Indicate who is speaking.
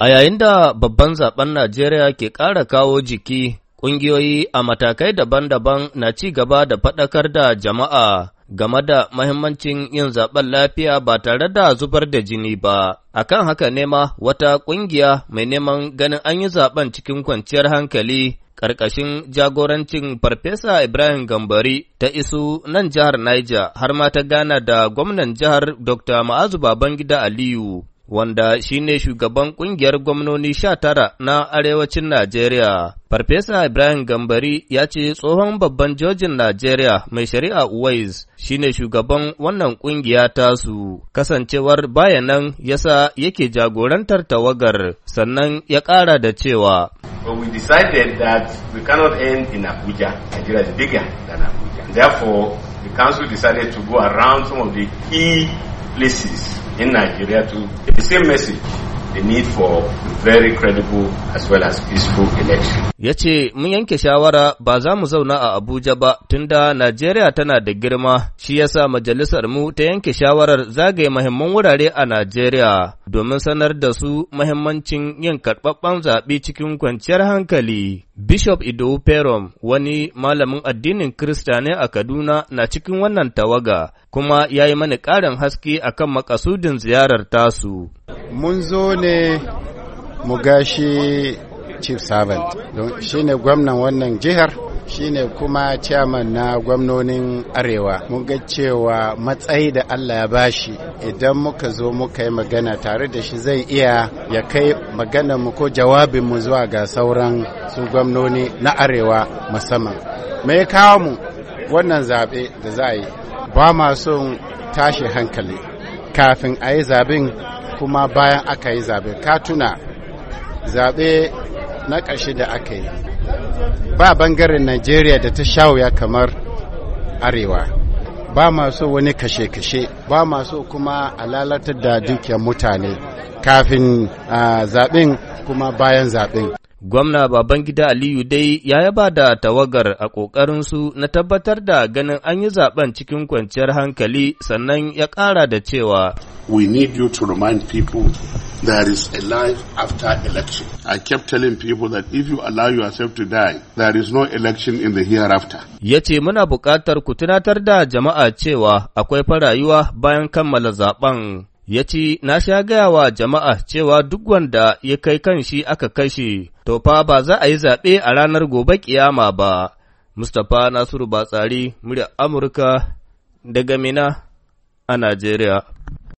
Speaker 1: A yayin da babban zaben Najeriya ke ƙara kawo jiki, ƙungiyoyi a matakai daban-daban na ci gaba da faɗakar da jama'a game da mahimmancin yin zaben lafiya ba tare da zubar da jini ba. A kan haka nema wata ƙungiya mai neman ganin an yi zaben cikin kwanciyar hankali ƙarƙashin jagorancin Farfesa Ibrahim Gambari ta isu nan jihar Niger har ma ta gana da gwamnan jihar Dr. Ma'azu Babangida Aliyu. wanda shi ne shugaban ƙungiyar gwamnoni sha tara na arewacin Najeriya. Farfesa Ibrahim Gambari ya ce tsohon babban jojin Najeriya mai shari'a Uwais shi ne shugaban wannan ƙungiya tasu, kasancewar bayanan yasa yake jagorantar tawagar sannan ya ƙara da cewa.
Speaker 2: But we decided that we cannot end in Abuja. Nigeria is bigger than Abuja. Therefore, the council decided to go around some of the key places in Nigeria to the same message. The need for very credible as well as peaceful election.
Speaker 1: Ya ce, Mun yanke shawara ba za mu zauna a Abuja ba tunda Najeriya tana da girma, shi yasa majalisar mu ta yanke shawarar zagaye mahimman wurare a Najeriya domin sanar da su mahimmancin yin karɓaɓɓen zaɓe cikin kwanciyar hankali. Bishop Ido Perom, wani malamin addinin Kirista ne a Kaduna na cikin wannan tawaga, kuma ya yi mani ƙarin haske a kan makasudin ziyarar tasu.
Speaker 2: Mun zo ne mu gashi Chief Servant, don shi ne gwamnan wannan jihar. shine kuma chairman na gwamnonin arewa mun ga cewa matsayi da allah ya bashi idan muka zo muka yi magana tare da shi zai iya ya kai magana mu ko jawabin mu zuwa ga sauran su gwamnoni na arewa musamman me kawo mu wannan zaɓe da za yi ba ma son tashi hankali kafin a yi zaben kuma bayan aka yi zabe ka tuna zaɓe na ƙarshe da aka yi ba bangaren najeriya da ta sha kamar arewa ba masu wani kashe-kashe ba masu kuma lalatar da dukiyar mutane kafin ah, zaɓen kuma bayan zaɓen Gwamna Babangida Aliyu dai ya ba da tawagar
Speaker 1: a ƙoƙarinsu na tabbatar da ganin an yi zaben cikin kwanciyar hankali sannan
Speaker 2: ya ƙara da cewa. We need you to remind people there is a life after election. I kept telling people that if you allow yourself to die, there is no election
Speaker 1: in the hereafter. Ya ce muna buƙatar ku tunatar da jama'a cewa akwai farayuwa bayan kammala zaben. ya ce, Na sha gaya wa jama'a cewa duk wanda ya kai kan shi aka kashe, to fa ba za a yi zaɓe a ranar gobe ƙiyama ba. Mustapha Nasiru Batsari, murya Amurka, daga Mina a Najeriya.